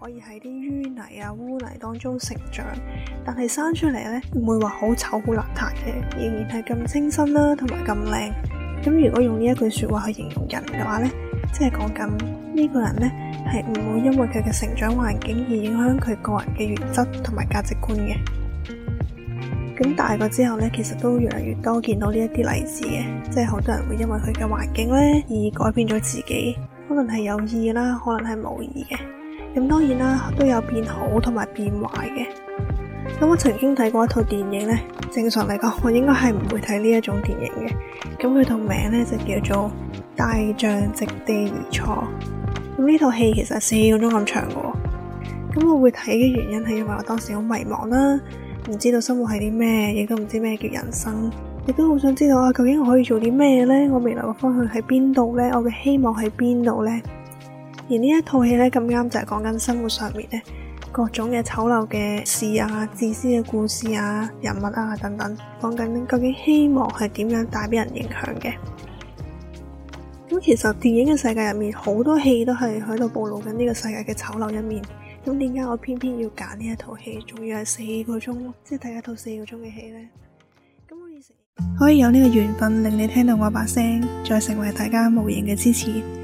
可以喺啲淤泥啊、污泥當中成長，但係生出嚟呢，唔會話好醜好邋遢嘅，仍然係咁清新啦、啊，同埋咁靚。咁如果用呢一句說話去形容人嘅話呢，即係講緊呢、呢個人呢，係唔會因為佢嘅成長環境而影響佢個人嘅原則同埋價值觀嘅。咁大個之後呢，其實都越嚟越多見到呢一啲例子嘅，即係好多人會因為佢嘅環境呢而改變咗自己，可能係有意啦，可能係無意嘅。咁當然啦，都有變好同埋變壞嘅。咁我曾經睇過一套電影呢，正常嚟講我應該係唔會睇呢一種電影嘅。咁佢套名呢，就叫做《大象席地而坐》。咁呢套戲其實四個鐘咁長嘅。咁我會睇嘅原因係因為我當時好迷茫啦，唔知道生活係啲咩，亦都唔知咩叫人生，亦都好想知道啊，究竟我可以做啲咩呢？我未來嘅方向喺邊度呢？我嘅希望喺邊度呢？而呢一套戲呢，咁啱就係講緊生活上面呢各種嘅醜陋嘅事啊、自私嘅故事啊、人物啊等等，講緊究竟希望係點樣帶俾人影響嘅。咁其實電影嘅世界入面好多戲都係喺度暴露緊呢個世界嘅醜陋一面。咁點解我偏偏要揀呢一套戲？仲要係四個鐘，即係睇一套四個鐘嘅戲呢？咁可以成，可以有呢個緣分令你聽到我把聲，再成為大家無形嘅支持。